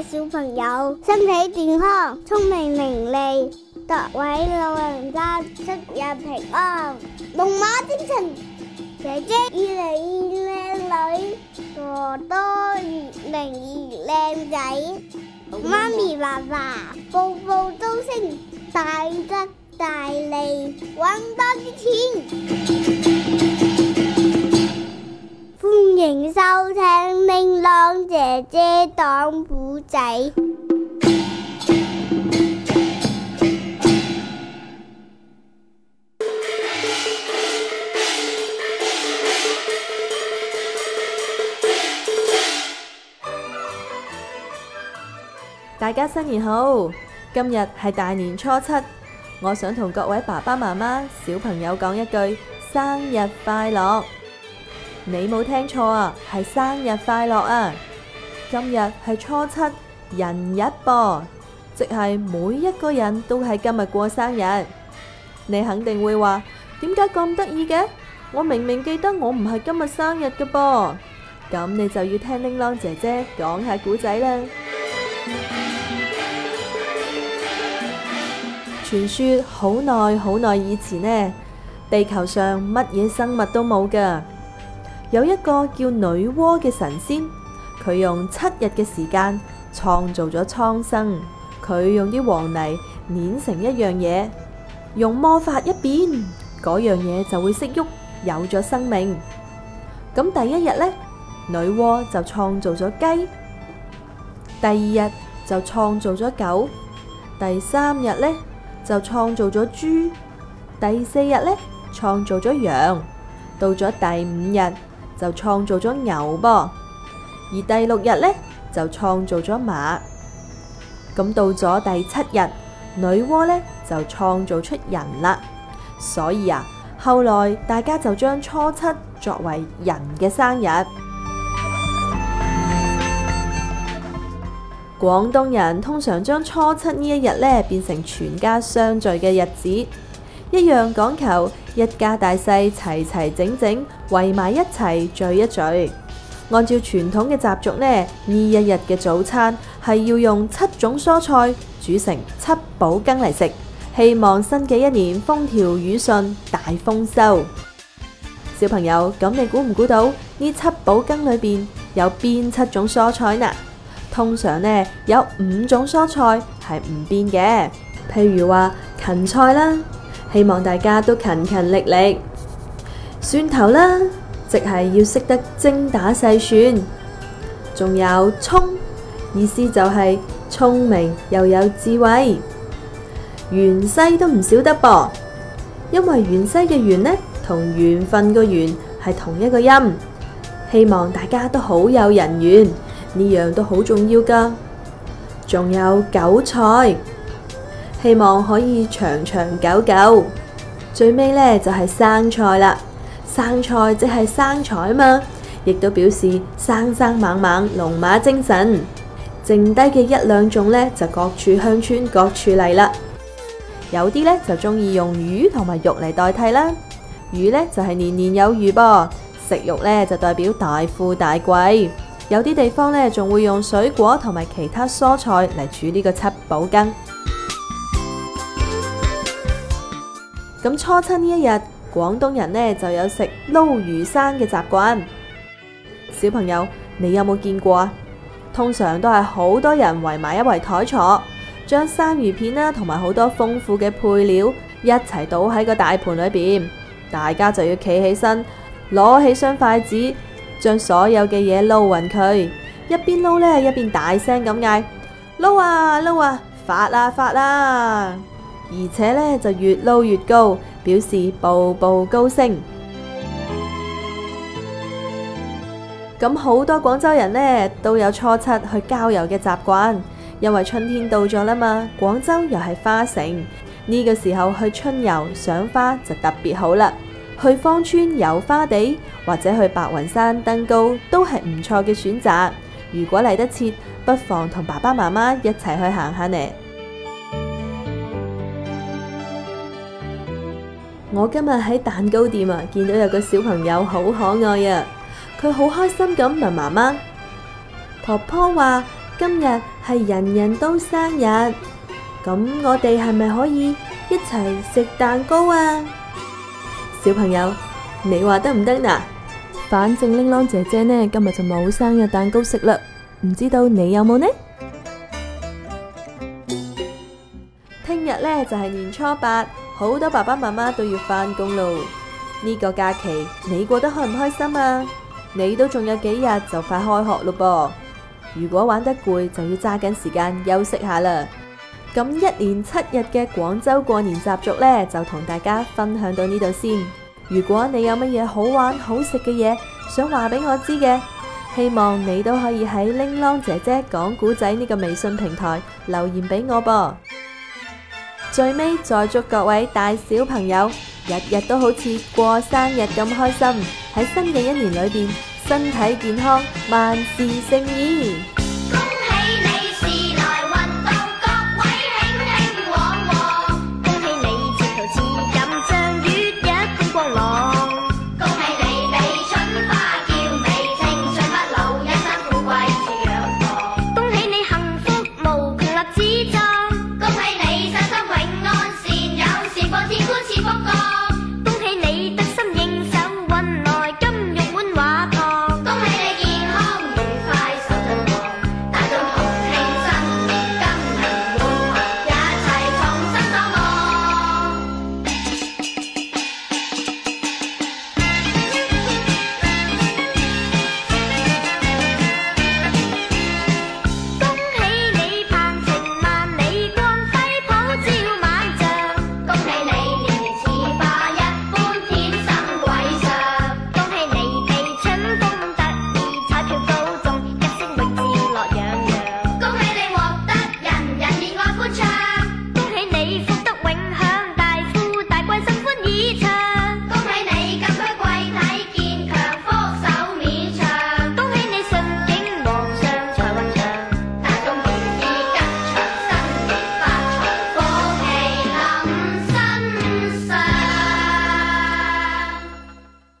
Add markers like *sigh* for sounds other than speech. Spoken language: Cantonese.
小朋友身體健康，聰明伶俐；各位老人家出入平安。龍馬精神，姐姐越嚟越靚女，我多越嚟越靚仔。媽咪爸爸步步高升，大吉大利，揾多啲錢。歡迎收聽明朗姐姐講古仔。大家新年好，今日係大年初七，我想同各位爸爸媽媽、小朋友講一句生日快樂。你冇聽錯啊，係生日快樂啊！今日係初七，人日噃，即係每一個人都係今日過生日。你肯定會話，點解咁得意嘅？我明明記得我唔係今日生日嘅噃。咁你就要聽玲瓏姐姐講下古仔啦。傳說好耐好耐以前呢，地球上乜嘢生物都冇噶。有一個叫女媧嘅神仙，佢用七日嘅時間創造咗蒼生。佢用啲黃泥碾成一樣嘢，用魔法一變，嗰樣嘢就會識喐，有咗生命。咁第一日呢，女媧就創造咗雞；第二日就創造咗狗；第三日呢就創造咗豬；第四日呢，創造咗羊。到咗第五日，就創造咗牛噃，而第六日呢，就創造咗馬，咁到咗第七日，女媧呢，就創造出人啦。所以啊，後來大家就將初七作為人嘅生日。廣 *music* 東人通常將初七呢一日呢，變成全家相聚嘅日子。一樣講求一家大細齊齊整整，圍埋一齊聚一聚。按照傳統嘅習俗呢，呢一日嘅早餐係要用七種蔬菜煮成七寶羹嚟食希望新嘅一年風調雨順，大豐收。小朋友咁，你估唔估到呢七寶羹裏邊有邊七種蔬菜呢？通常呢有五種蔬菜係唔變嘅，譬如話芹菜啦。希望大家都勤勤力力，蒜頭啦，即係要識得精打細算。仲有蔥，意思就係聰明又有智慧。芫茜都唔少得噃，因為芫茜嘅芫呢，同緣分嘅緣係同一個音。希望大家都好有人緣，呢樣都好重要㗎。仲有韭菜。希望可以長長久久，最尾呢，就係、是、生菜啦。生菜即係生財嘛，亦都表示生生猛猛，龍馬精神。剩低嘅一兩種呢，就各處鄉村各處嚟啦。有啲呢，就中意用魚同埋肉嚟代替啦。魚呢，就係、是、年年有餘噃，食肉呢，就代表大富大貴。有啲地方呢，仲會用水果同埋其他蔬菜嚟煮呢個七寶羹。咁初七呢一日，廣東人呢就有食撈魚生嘅習慣。小朋友，你有冇見過啊？通常都係好多人圍埋一圍台坐，將生魚片啦同埋好多豐富嘅配料一齊倒喺個大盤裏邊，大家就要企起身，攞起雙筷子，將所有嘅嘢撈勻佢，一邊撈呢，一邊大聲咁嗌：撈啊撈啊，發啦發啦！而且咧就越撈越高，表示步步高升。咁好 *music* 多廣州人呢，都有初七去郊遊嘅習慣，因為春天到咗啦嘛，廣州又係花城，呢個時候去春遊賞花就特別好啦。去芳村遊花地，或者去白雲山登高，都係唔錯嘅選擇。如果嚟得切，不妨同爸爸媽媽一齊去行下呢。我今日喺蛋糕店啊，見到有個小朋友好可愛啊，佢好開心咁問媽媽、婆婆話：今日係人人都生日，咁我哋係咪可以一齊食蛋糕啊？小朋友，你話得唔得嗱？反正玲瓏姐姐呢今日就冇生日蛋糕食啦，唔知道你有冇呢？聽日呢，就係年初八。好多爸爸媽媽都要返工咯，呢個假期你過得開唔開心啊？你都仲有幾日就快開學咯噃，如果玩得攰就要揸緊時間休息下啦。咁一年七日嘅廣州過年習俗呢，就同大家分享到呢度先。如果你有乜嘢好玩好食嘅嘢想話俾我知嘅，希望你都可以喺玲琅姐姐講古仔呢個微信平台留言俾我噃。最尾，再祝各位大小朋友日日都好似過生日咁開心！喺新嘅一年裏邊，身體健康，萬事勝意。